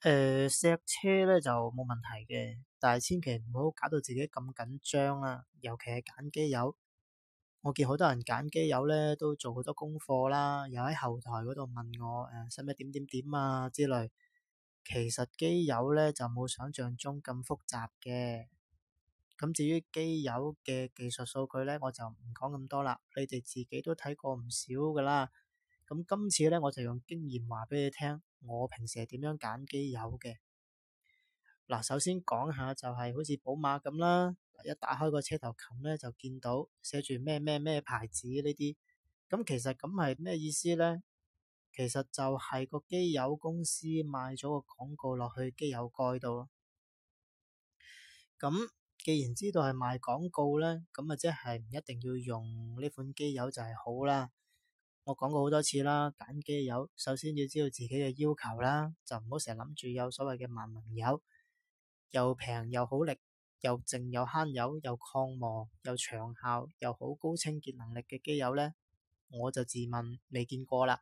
誒、錫、呃、車咧就冇問題嘅，但係千祈唔好搞到自己咁緊張啦。尤其係揀機油，我見好多人揀機油咧都做好多功課啦，又喺後台嗰度問我使咩點點點啊之類。其實機油咧就冇想象中咁複雜嘅。咁至於機油嘅技術數據咧，我就唔講咁多啦。你哋自己都睇過唔少噶啦。咁今次咧，我就用經驗話俾你聽，我平時係點樣揀機油嘅。嗱，首先講下就係好似寶馬咁啦，一打開個車頭冚咧，就見到寫住咩咩咩牌子呢啲。咁其實咁係咩意思呢？其實就係個機油公司賣咗個廣告落去機油蓋度咯。咁既然知道係賣廣告呢，咁啊即係唔一定要用呢款機油就係好啦。我講過好多次啦，揀機油首先要知道自己嘅要求啦，就唔好成日諗住有所謂嘅萬能油，又平又好力，又靜又慳油，又抗磨又長效又好高清潔能力嘅機油呢，我就自問未見過啦。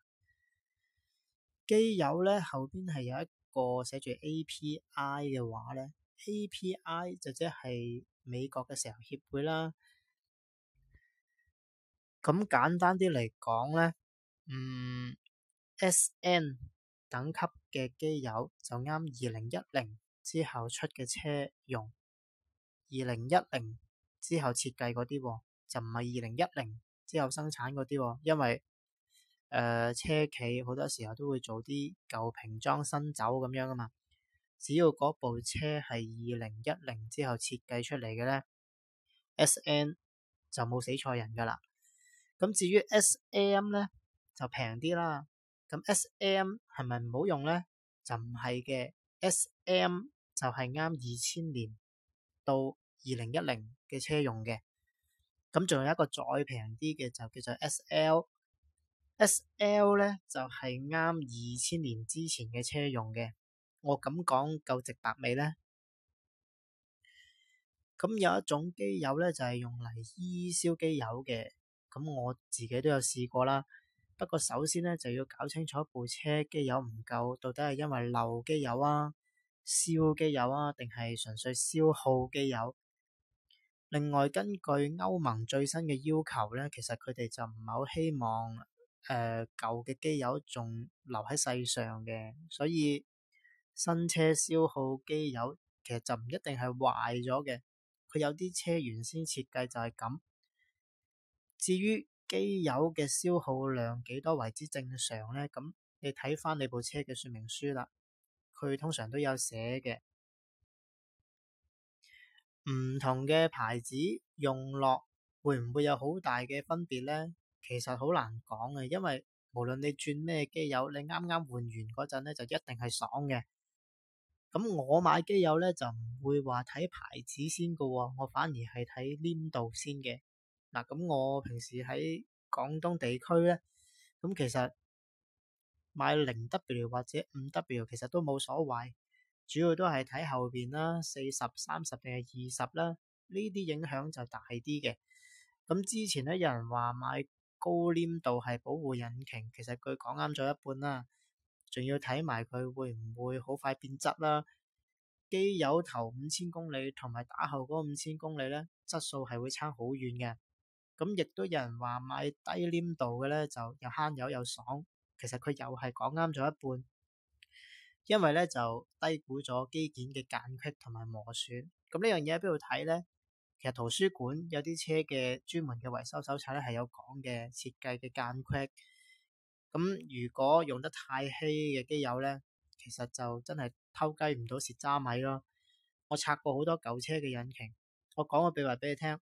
機油呢後邊係有一個寫住 API 嘅話呢，API 就即係美國嘅石油協會啦。咁簡單啲嚟講呢，嗯，SN 等級嘅機油就啱二零一零之後出嘅車用，二零一零之後設計嗰啲喎，就唔係二零一零之後生產嗰啲喎。因為誒、呃、車企好多時候都會做啲舊瓶裝新酒咁樣噶嘛，只要嗰部車係二零一零之後設計出嚟嘅呢，SN 就冇死錯人噶啦。咁至於 S M 咧就平啲啦。咁 S M 係咪唔好用咧？就唔係嘅。S M 就係啱二千年到二零一零嘅車用嘅。咁仲有一個再平啲嘅就叫做 S L。S L 咧就係啱二千年之前嘅車用嘅。我咁講夠直白未咧？咁有一種機油咧就係、是、用嚟醫燒機油嘅。咁我自己都有試過啦，不過首先呢，就要搞清楚部車機油唔夠，到底係因為漏機油啊、燒機油啊，定係純粹消耗機油？另外，根據歐盟最新嘅要求呢，其實佢哋就唔係好希望誒舊嘅機油仲留喺世上嘅，所以新車消耗機油其實就唔一定係壞咗嘅，佢有啲車原先設計就係咁。至於機油嘅消耗量幾多為之正常呢？咁你睇翻你部車嘅說明書啦，佢通常都有寫嘅。唔同嘅牌子用落會唔會有好大嘅分別呢？其實好難講嘅，因為無論你轉咩機油，你啱啱換完嗰陣呢，就一定係爽嘅。咁我買機油呢，就唔會話睇牌子先個喎，我反而係睇黏度先嘅。嗱，咁我平時喺廣東地區咧，咁其實買零 W 或者五 W 其實都冇所謂，主要都係睇後邊啦，四十、三十定係二十啦，呢啲影響就大啲嘅。咁之前咧有人話買高黏度係保護引擎，其實佢講啱咗一半啦，仲要睇埋佢會唔會好快變質啦。機油頭五千公里同埋打後嗰五千公里咧，質素係會差好遠嘅。咁亦都有人話買低黏度嘅咧，就又慳油又爽。其實佢又係講啱咗一半，因為咧就低估咗機件嘅間隙同埋磨損。咁、嗯、呢樣嘢喺邊度睇咧？其實圖書館有啲車嘅專門嘅維修手冊咧，係有講嘅設計嘅間隙。咁、嗯、如果用得太稀嘅機油咧，其實就真係偷雞唔到蝕渣米咯。我拆過好多舊車嘅引擎，我講個秘密俾你聽。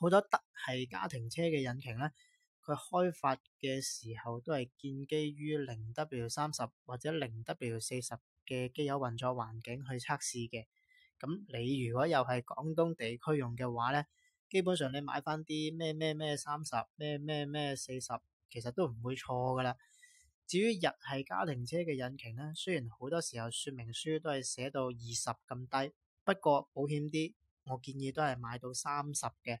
好多德系家庭車嘅引擎咧，佢開發嘅時候都係建基於零 w 三十或者零 w 四十嘅機油運作環境去測試嘅。咁你如果又係廣東地區用嘅話咧，基本上你買翻啲咩咩咩三十，咩咩咩四十，其實都唔會錯噶啦。至於日系家庭車嘅引擎咧，雖然好多時候說明書都係寫到二十咁低，不過保險啲，我建議都係買到三十嘅。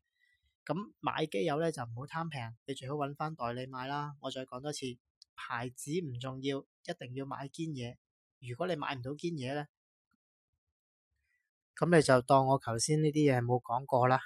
咁買機油咧就唔好貪平，你最好揾翻代理買啦。我再講多次，牌子，唔重要，一定要買堅嘢。如果你買唔到堅嘢咧，咁你就當我頭先呢啲嘢冇講過啦。